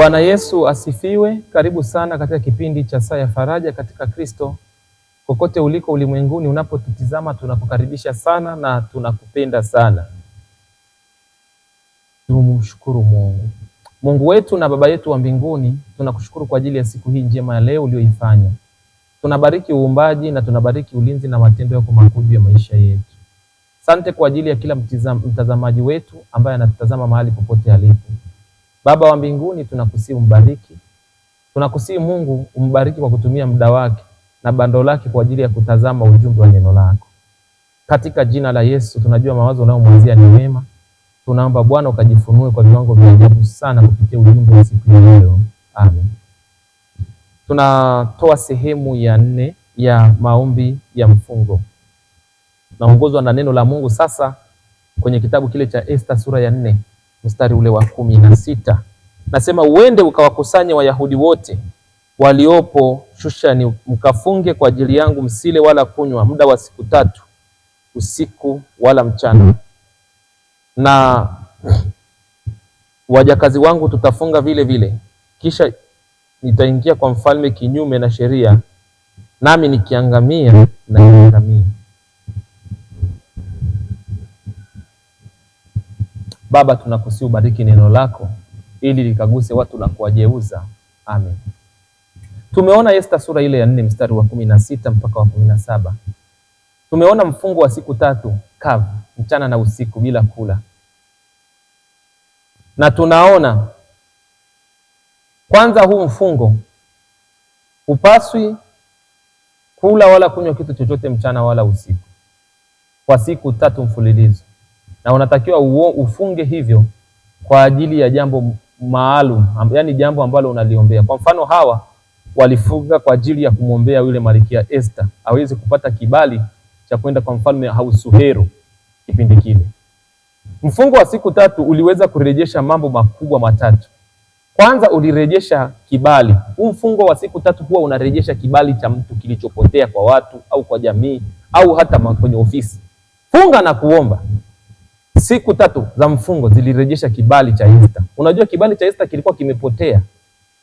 Bwana Yesu asifiwe. Karibu sana katika kipindi cha Saa ya Faraja katika Kristo. Kokote uliko ulimwenguni, unapotutizama, tunakukaribisha sana na tunakupenda sana. Tumshukuru Mungu. Mungu wetu na Baba yetu wa mbinguni, tunakushukuru kwa ajili ya siku hii njema ya leo uliyoifanya. Tunabariki uumbaji na tunabariki ulinzi na matendo yako makubwa ya maisha yetu. Sante kwa ajili ya kila mtazamaji wetu ambaye anatutazama mahali popote alipo. Baba wa mbinguni, tunakusii umbariki, tunakusii Mungu umbariki kwa kutumia muda wake na bando lake kwa ajili ya kutazama ujumbe wa neno lako. Katika jina la Yesu, tunajua mawazo unayomwazia ni mema. Tunaomba Bwana ukajifunue kwa viwango vya ajabu sana kupitia ujumbe wa siku ya leo. Amen. Tunatoa sehemu ya nne ya maombi ya mfungo. Naongozwa na neno la Mungu sasa kwenye kitabu kile cha Esta sura ya nne mstari ule wa kumi na sita nasema uende ukawakusanya Wayahudi wote waliopo Shushani, mkafunge kwa ajili yangu, msile wala kunywa muda wa siku tatu, usiku wala mchana. Na wajakazi wangu tutafunga vile vile, kisha nitaingia kwa mfalme kinyume na sheria, nami nikiangamia na Baba, tunakusihi ubariki neno lako ili likaguse watu na kuwajeuza. Amen. Tumeona Esta sura ile ya nne mstari wa kumi na sita mpaka wa kumi na saba. Tumeona mfungo wa siku tatu kavu mchana na usiku bila kula, na tunaona kwanza, huu mfungo hupaswi kula wala kunywa kitu chochote mchana wala usiku kwa siku tatu mfululizo na unatakiwa ufunge hivyo kwa ajili ya jambo maalum, yaani jambo ambalo unaliombea. Kwa mfano hawa walifunga kwa ajili ya kumwombea yule malikia Esther aweze kupata kibali cha kwenda kwa mfalme Ahasuero kipindi kile. Mfungo wa siku tatu uliweza kurejesha mambo makubwa matatu. Kwanza ulirejesha kibali. Huu mfungo wa siku tatu huwa unarejesha kibali cha mtu kilichopotea kwa watu au kwa jamii au hata kwenye ofisi. Funga na kuomba. Siku tatu za mfungo zilirejesha kibali cha Esther. Unajua kibali cha Esther kilikuwa kimepotea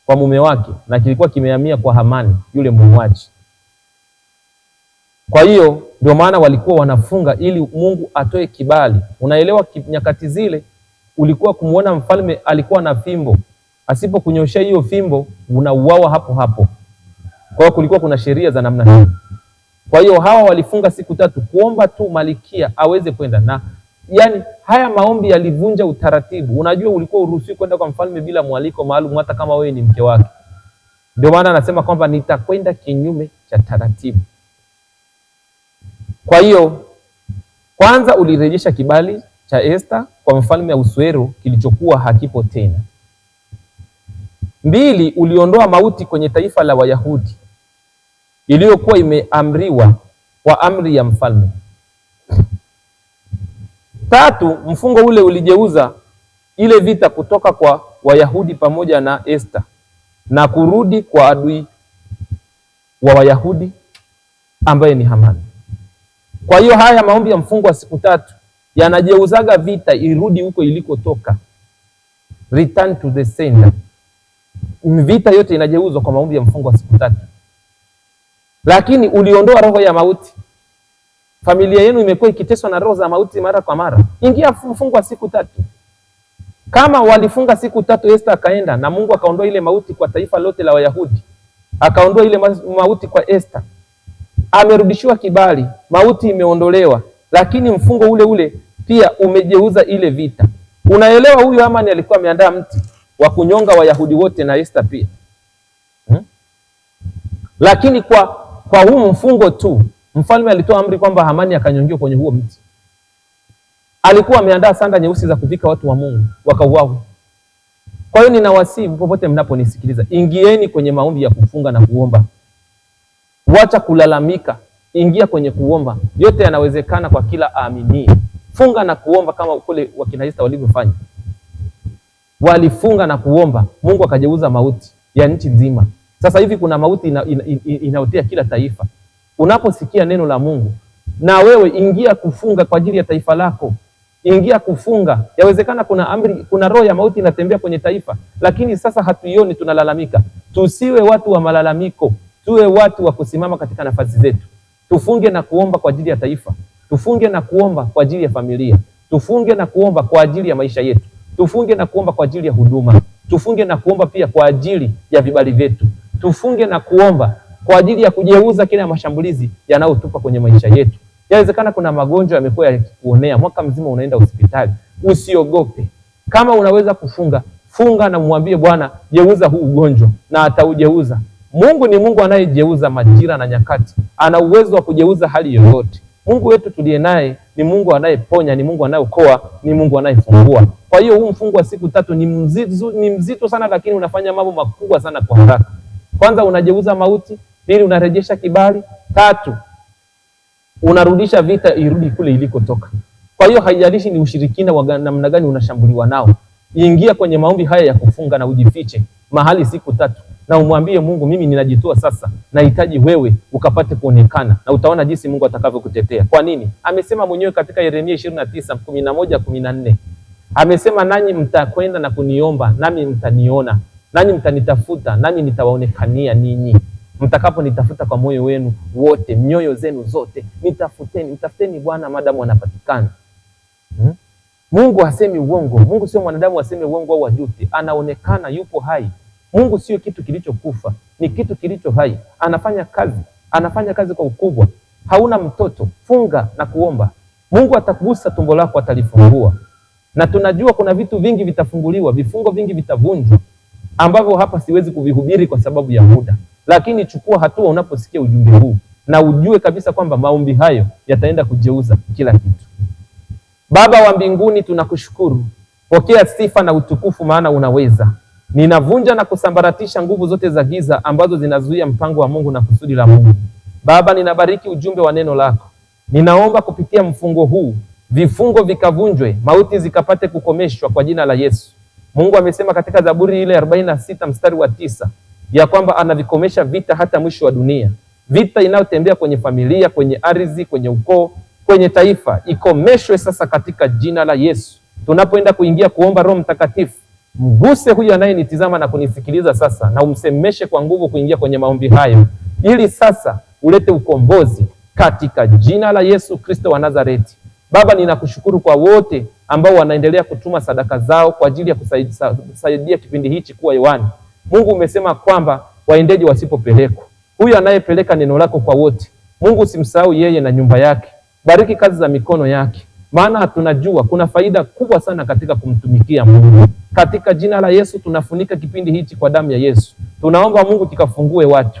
kwa mume wake na kilikuwa kimehamia kwa Hamani yule muuaji. Kwa hiyo ndio maana walikuwa wanafunga ili Mungu atoe kibali. Unaelewa, nyakati zile ulikuwa kumuona mfalme alikuwa na fimbo, asipokunyoshea hiyo fimbo unauawa hapo hapo. Kwa hiyo kulikuwa kuna sheria za namna hiyo. Kwa hiyo hawa walifunga siku tatu kuomba tu malikia aweze kwenda na yani haya maombi yalivunja utaratibu. Unajua ulikuwa uruhusiwi kwenda kwa mfalme bila mwaliko maalum, hata kama wewe ni mke wake. Ndio maana anasema kwamba nitakwenda kinyume cha taratibu. Kwa hiyo kwanza ulirejesha kibali cha Esta kwa mfalme Ahasuero kilichokuwa hakipo tena. Mbili, uliondoa mauti kwenye taifa la Wayahudi iliyokuwa imeamriwa kwa amri ya mfalme. Tatu, mfungo ule uligeuza ile vita kutoka kwa Wayahudi pamoja na Esta na kurudi kwa adui wa Wayahudi ambaye ni Hamani. Kwa hiyo haya maombi ya mfungo wa siku tatu yanajeuzaga vita irudi huko ilikotoka, return to the sender. Vita yote inajeuzwa kwa maombi ya mfungo wa siku tatu, lakini uliondoa roho ya mauti Familia yenu imekuwa ikiteswa na roho za mauti mara kwa mara, ingia fungwa siku tatu kama walifunga siku tatu. Esta akaenda na Mungu akaondoa ile mauti kwa taifa lote la Wayahudi, akaondoa ile mauti kwa Esta. Amerudishiwa kibali, mauti imeondolewa, lakini mfungo ule ule pia umejeuza ile vita. Unaelewa, huyu Hamani alikuwa ameandaa mti wa kunyonga Wayahudi wote na Esta pia hmm? Lakini kwa, kwa huu mfungo tu Mfalme alitoa amri kwamba Hamani akanyongiwa kwenye huo mti. Alikuwa ameandaa sanda nyeusi za kuvika watu wa Mungu wakauawa. Kwa hiyo ninawasihi popote mnaponisikiliza, ingieni kwenye maombi ya kufunga na kuomba. Wacha kulalamika, ingia kwenye kuomba. Yote yanawezekana kwa kila aamini. Funga na kuomba kama kule wakina Esta walivyofanya. Walifunga na kuomba, Mungu akajeuza mauti ya nchi nzima. Sasa hivi kuna mauti inaotea ina, ina, ina kila taifa. Unaposikia neno la Mungu na wewe ingia kufunga kwa ajili ya taifa lako, ingia kufunga. Yawezekana kuna amri, kuna roho ya mauti inatembea kwenye taifa, lakini sasa hatuioni, tunalalamika. Tusiwe watu wa malalamiko, tuwe watu wa kusimama katika nafasi zetu. Tufunge na kuomba kwa ajili ya taifa, tufunge na kuomba kwa ajili ya familia, tufunge na kuomba kwa ajili ya maisha yetu, tufunge na kuomba kwa ajili ya huduma, tufunge na kuomba pia kwa ajili ya vibali vyetu, tufunge na kuomba kwa ajili ya kujeuza kile ya mashambulizi yanayotupa kwenye maisha yetu. Yawezekana kuna magonjwa yamekuwa yakikuonea mwaka mzima, unaenda hospitali. Usiogope, kama unaweza kufunga funga, na mwambie Bwana, jeuza huu ugonjwa, na ataujeuza. Mungu ni Mungu anayejeuza majira na nyakati, ana uwezo wa kujeuza hali yoyote. Mungu wetu tuliye naye ni Mungu anayeponya, ni Mungu anayeokoa, ni Mungu anayefungua. Kwa hiyo huu mfungo wa siku tatu ni mzito, ni mzito sana, lakini unafanya mambo makubwa sana kwa haraka. Kwanza unajeuza mauti, Pili, unarejesha kibali. Tatu, unarudisha vita irudi kule ilikotoka. Kwa hiyo haijalishi ni ushirikina wa namna gani unashambuliwa nao, ingia kwenye maombi haya ya kufunga na ujifiche mahali siku tatu, na umwambie Mungu, mimi ninajitoa sasa, nahitaji wewe ukapate kuonekana, na utaona jinsi Mungu atakavyokutetea. Kwa nini? Amesema mwenyewe katika Yeremia ishirini na tisa kumi na moja kumi na nne amesema nanyi mtakwenda na kuniomba, nami mtaniona, nanyi mtanitafuta, nami nitawaonekania ninyi mtakaponitafuta kwa moyo wenu wote, mioyo zenu zote, nitafuteni, mtafuteni Bwana madamu anapatikana. Hmm? Mungu hasemi uongo. Mungu sio mwanadamu aseme uongo au ajute. Anaonekana yupo hai. Mungu sio kitu kilichokufa, ni kitu kilicho hai. Anafanya kazi, anafanya kazi kwa ukubwa. Hauna mtoto, funga na kuomba. Mungu atakugusa tumbo lako, atalifungua. Na tunajua kuna vitu vingi vitafunguliwa, vifungo vingi vitavunjwa ambavyo hapa siwezi kuvihubiri kwa sababu ya muda lakini chukua hatua unaposikia ujumbe huu na ujue kabisa kwamba maombi hayo yataenda kujeuza kila kitu. Baba wa mbinguni, tunakushukuru, pokea sifa na utukufu, maana unaweza. Ninavunja na kusambaratisha nguvu zote za giza ambazo zinazuia mpango wa Mungu na kusudi la Mungu. Baba, ninabariki ujumbe wa neno lako, ninaomba kupitia mfungo huu vifungo vikavunjwe, mauti zikapate kukomeshwa kwa jina la Yesu. Mungu amesema katika Zaburi ile 46 mstari wa tisa ya kwamba anavikomesha vita hata mwisho wa dunia, vita inayotembea kwenye familia, kwenye ardhi, kwenye ukoo, kwenye taifa, ikomeshwe sasa katika jina la Yesu. Tunapoenda kuingia kuomba, Roho Mtakatifu mguse huyu anayenitizama na kunisikiliza sasa, na umsemeshe kwa nguvu kuingia kwenye maombi hayo, ili sasa ulete ukombozi katika jina la Yesu Kristo wa Nazareti. Baba, ninakushukuru kwa wote ambao wanaendelea kutuma sadaka zao kwa ajili ya kusaidia kipindi hichi kuwa hewani. Mungu umesema kwamba waendeje wasipopelekwa? Huyu anayepeleka neno lako kwa wote, Mungu simsahau yeye na nyumba yake, bariki kazi za mikono yake, maana tunajua kuna faida kubwa sana katika kumtumikia Mungu. Katika jina la Yesu tunafunika kipindi hichi kwa damu ya Yesu, tunaomba Mungu kikafungue watu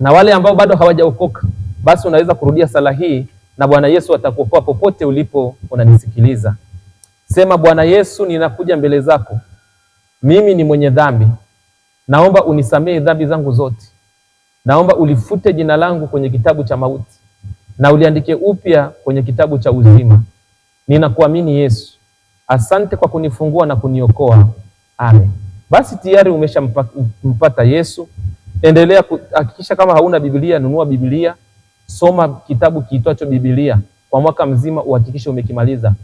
na wale ambao bado hawajaokoka, basi unaweza kurudia sala hii na Bwana Yesu atakuokoa popote ulipo unanisikiliza. Sema, Bwana Yesu, ninakuja mbele zako, mimi ni mwenye dhambi naomba unisamehe dhambi zangu zote, naomba ulifute jina langu kwenye kitabu cha mauti na uliandike upya kwenye kitabu cha uzima. Ninakuamini Yesu, asante kwa kunifungua na kuniokoa. Amen. Basi tayari umeshampata Yesu. Endelea kuhakikisha, kama hauna Biblia nunua Biblia, soma kitabu kiitwacho Biblia kwa mwaka mzima, uhakikishe umekimaliza.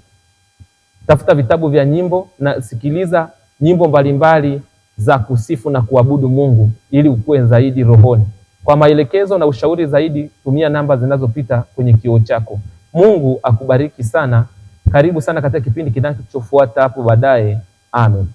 Tafuta vitabu vya nyimbo na sikiliza nyimbo mbalimbali mbali za kusifu na kuabudu Mungu ili ukue zaidi rohoni. Kwa maelekezo na ushauri zaidi, tumia namba zinazopita kwenye kioo chako. Mungu akubariki sana. Karibu sana katika kipindi kinachofuata hapo baadaye. Amen.